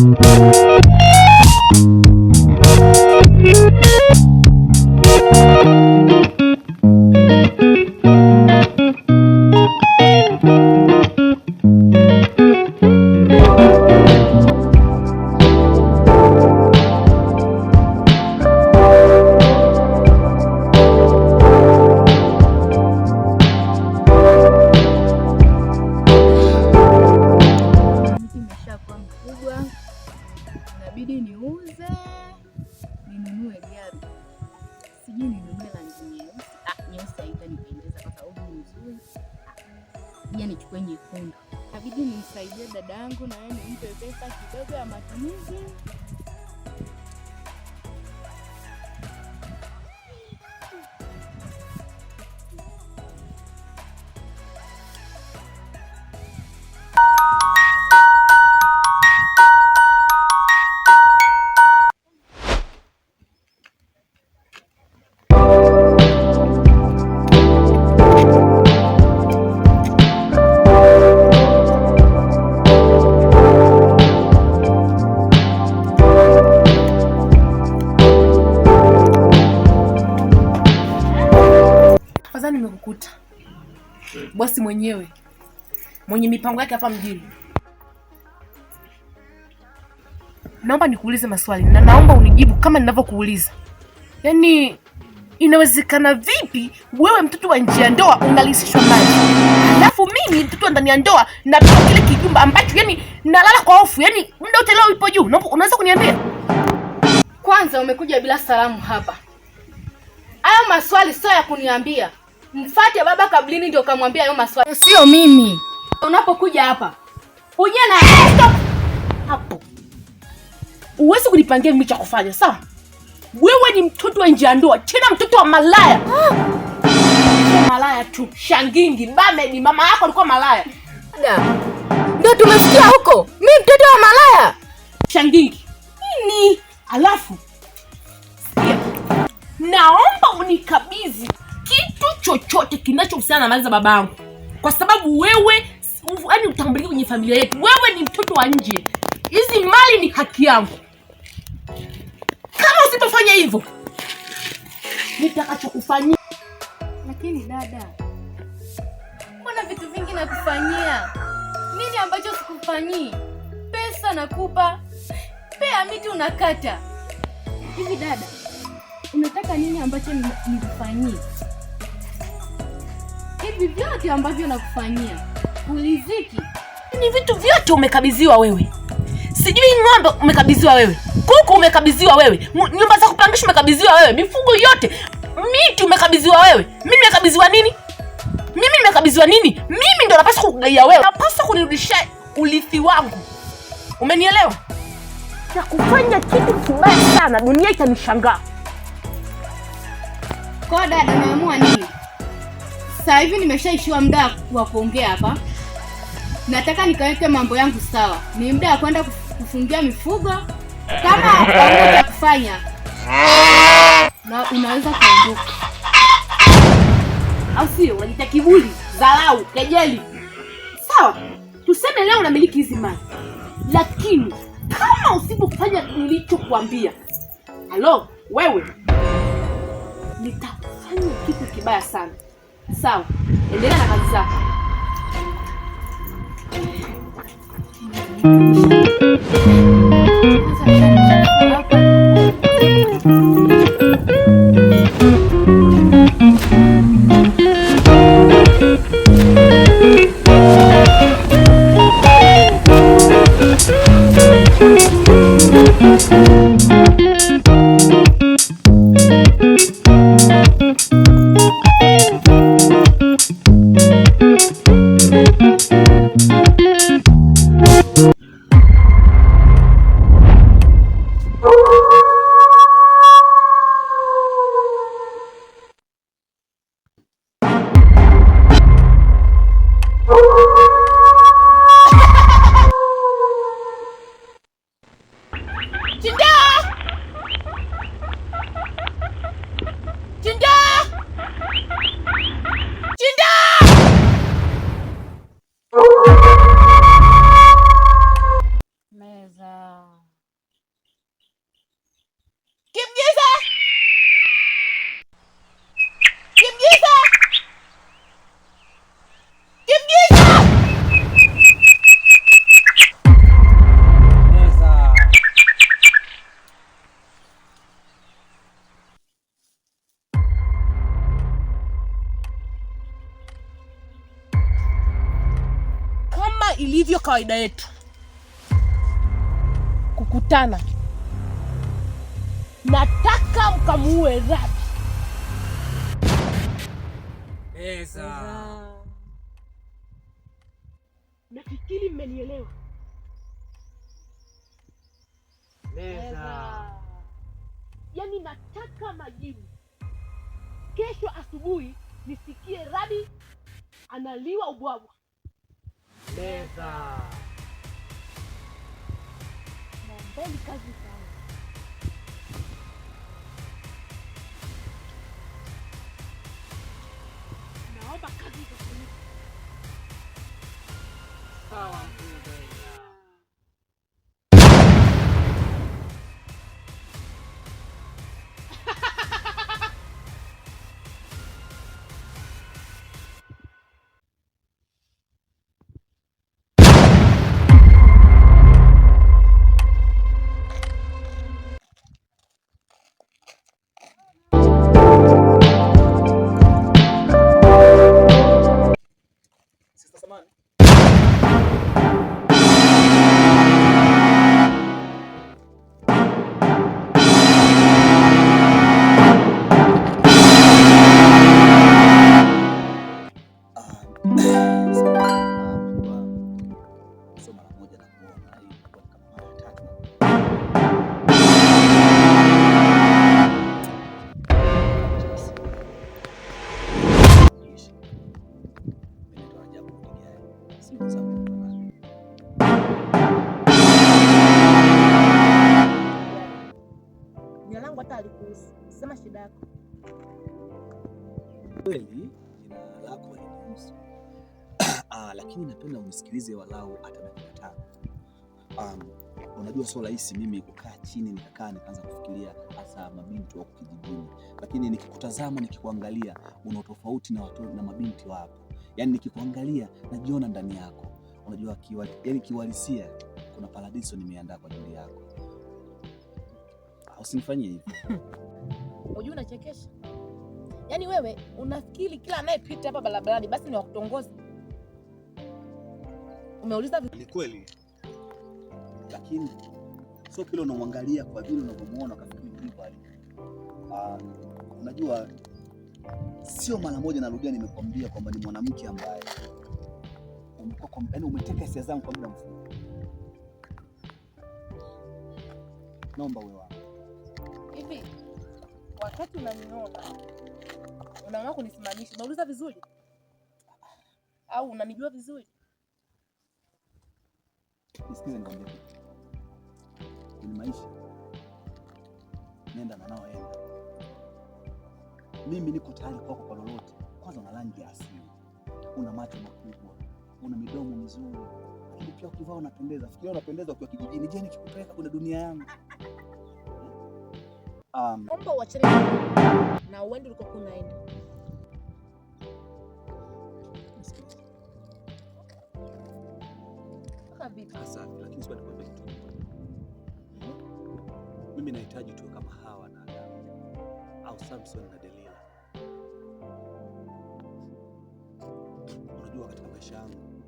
Thank you. Jini niwe rangi nyeusi. Ah, nyeusi haitanipendeza kwa sababu ni nzuri. Ah, pia nichukue nyekundu. Kabidi nimsaidie dadangu na yeye nimpe pesa kidogo ya matumizi. mwenyewe mwenye mipango yake hapa mjini. Naomba nikuulize maswali na naomba unijibu kama ninavyokuuliza. Yaani, inawezekana vipi wewe mtoto wa nje ya ndoa unalisishwa maji, alafu mimi mtoto wa ndani ya ndoa napewa kile kijumba ambacho yani nalala kwa hofu, yani muda wote leo ipo juu. Unaweza kuniambia kwanza, umekuja bila salamu hapa? Hayo maswali sio ya kuniambia mfate baba kablini ndio kamwambia hayo maswali. Sio mimi. Unapokuja hapa uje na hapo, uwezi kunipangia mimi cha kufanya sawa? Wewe ni mtoto wa nje ndoa, tena mtoto wa malaya ah. Malaya tu shangingi Ni mama yako alikuwa malaya ndio tumesikia huko. Mimi mtoto wa malaya shangingi nini? Alafu naomba unikabidhi kitu chochote kinachohusiana na mali za babangu, kwa sababu wewe yaani utambulike kwenye familia yetu. Wewe ni mtoto wa nje, hizi mali ni haki yangu. Kama usipofanya hivyo nitakachokufanyia. Lakini dada, kuna vitu vingi nakufanyia? Nini ambacho sikufanyii? Pesa nakupa, pea miti unakata. Hivi dada, unataka nini ambacho nikufanyie? hivi vyote ambavyo nakufanyia uliziki, ni vitu vyote umekabidhiwa wewe. Sijui ng'ombe umekabidhiwa wewe, kuku umekabidhiwa wewe, nyumba za kupangisha umekabidhiwa wewe, mifugo yote, miti umekabidhiwa wewe. Mimi nimekabidhiwa nini? Mimi nimekabidhiwa nini? Mimi ndo napaswa kukugaia wewe, napaswa kunirudishia urithi wangu, umenielewa? Na kufanya kitu kibaya sana, dunia itanishangaa. Kwa dada, naamua nini? Sasa hivi nimeshaishiwa muda wa kuongea hapa, nataka nikaweke mambo yangu sawa. Ni muda wa kwenda kufungia mifugo. Kama cha kufanya na unaweza kuondoka, au sio? Wanaita kiburi, dharau, kejeli. Sawa, tuseme leo unamiliki hizi mali, lakini kama usipofanya nilichokuambia, halo wewe, nitakufanya kitu kibaya sana. Sawa, endelea na kazi zako. kawaida yetu kukutana. Nataka mkamuue Rabi. Pesa. Nafikiri mmenielewa. Pesa. Yaani nataka majibu. Kesho asubuhi nisikie Rabi analiwa ubwabwa. mesa. Bombônica vital. Não, bacana. É Sala. kabisa. Sema shida yako. Kweli jina lako ah, lakini napenda unisikilize walau hata dakika tano. Um, unajua sio rahisi mimi kukaa chini nikakaa nikaanza kufikiria hasa mabinti wako kijijini, lakini nikikutazama nikikuangalia, una tofauti na watu na mabinti wapo. Yaani nikikuangalia najiona ndani yako. Unajua kiwa, yani kiwalisia, kuna paradiso nimeandaa kwa ajili yako usinifanyie hivyo. Unajua unachekesha. Yaani wewe unafikiri kila anayepita hapa barabarani basi ni wa kutongoza? Umeuliza ni kweli, lakini sio kile unamwangalia kwa vile unavyomuona kafikiri hivyo. Um, ah, unajua sio mara moja narudia, nimekwambia kwamba ni mwanamke ambaye um, yaani umeteka hisia zangu kwa muda mfupi. Naomba wewe Hivi wakati unaniona unaamua kunisimamisha, unauliza vizuri au unanijua vizuri? Nisikize nikwambie, kwenye maisha nenda na naoenda, mimi niko tayari kwako kwa lolote. Kwanza una rangi ya asili, una macho makubwa, una midomo mizuri, lakini pia ukivaa unapendeza. Fikiria unapendeza ukiwa kijijini. Je, nikikupeleka kuna dunia yangu Um, omba uachane na uende uliko kunaenda. Ah, hmm? Mimi nahitaji tu kama hawa na Adamu au Samson na Delila. Unajua, katika maisha yangu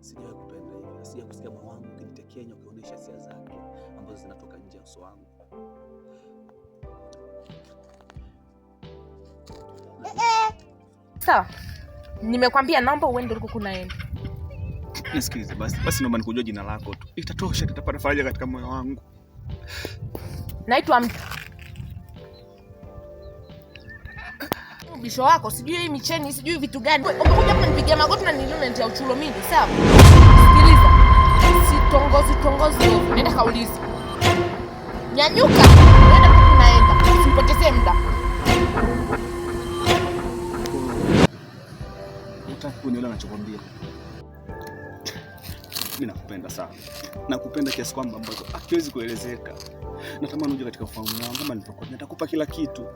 sijawahi kupenda hivi, sija kusikia mwanangu ukinitekenya, ukionyesha hisia zake ambazo zinatoka nje ya uso wangu Eh, eh. Sawa, nimekwambia naomba uende uliko kunaenda. Nisikilize basi, basi naomba nikujua jina lako tu, itatosha, tutapata faraja katika moyo wangu. Naitwa mtu bisho wako, sijui hii micheni, sijui vitu gani. Umekuja hapa nipigia magoti na ya uchulo mingi. Sawa, sikiliza, sitongozi tongozi, nenda kaulizi, nyanyuka, nenda kunaenda, usipotezee muda. Sitaki kunielewa ninachokwambia. Mimi nakupenda sana, nakupenda kiasi kwamba ambacho hakiwezi kuelezeka. Natamani uje katika ufahamu wangu, kama nilivyokuambia, nitakupa kila kitu,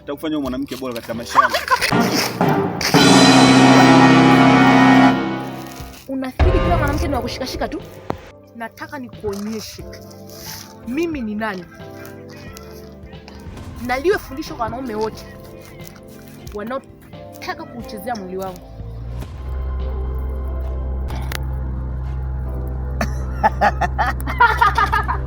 nitakufanya mwanamke bora katika maisha yangu. Unafikiri kila mwanamke ni wakushikashika tu? Nataka nikuonyeshe mimi ni nani, naliwe fundisho kwa wanaume wote wanaotaka kuuchezea mwili wangu. 哈，哈哈哈哈哈！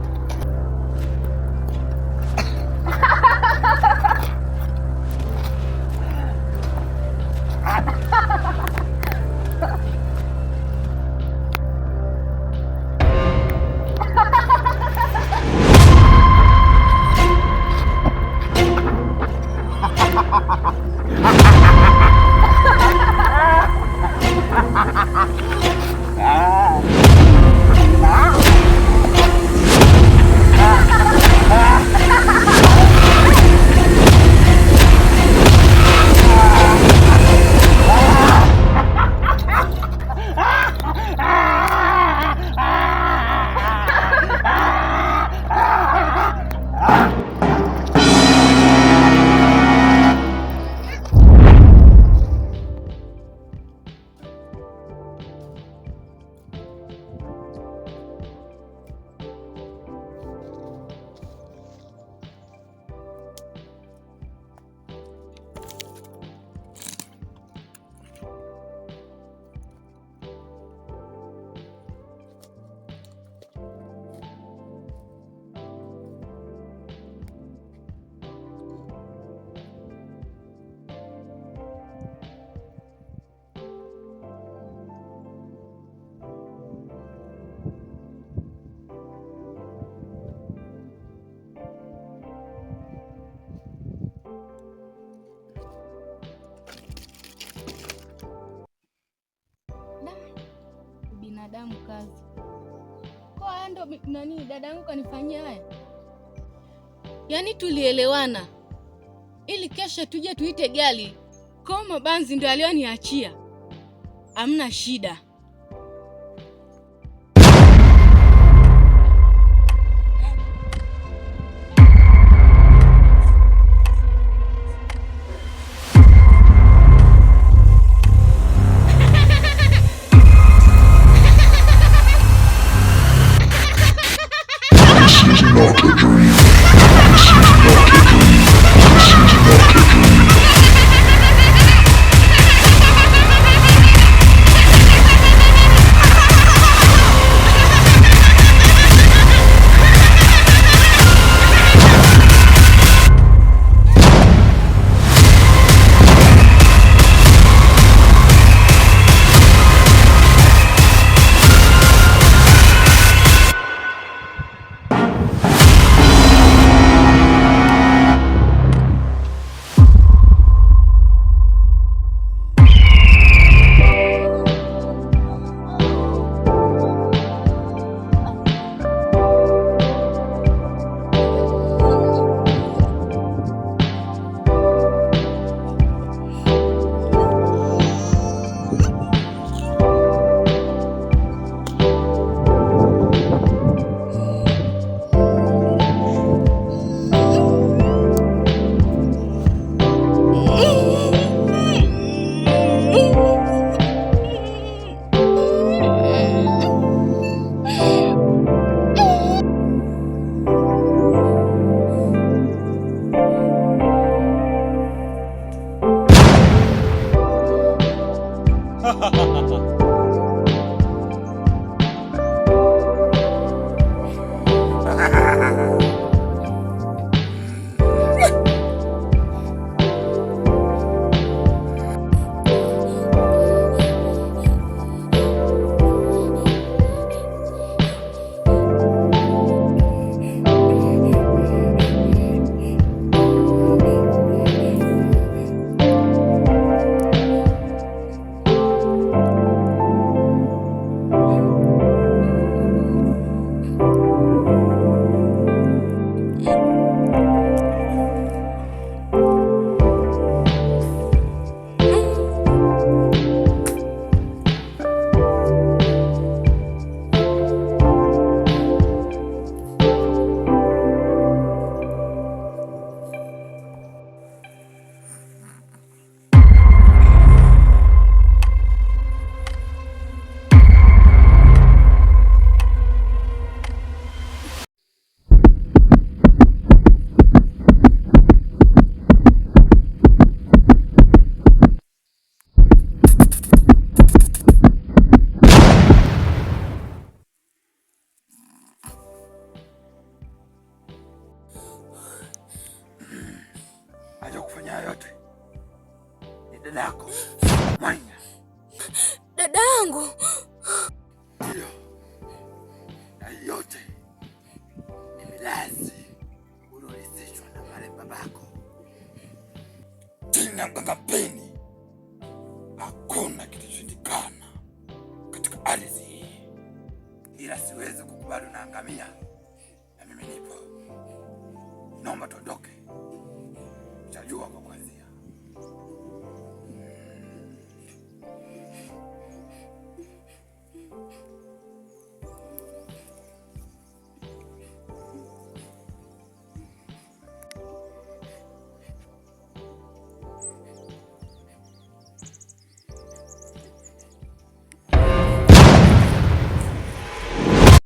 binadamu kazi. Kwa hiyo ndo nani dada yangu kanifanyia haya, yaani tulielewana ili kesho tuje tuite gari. Kwa mabanzi ndo alioniachia amna shida.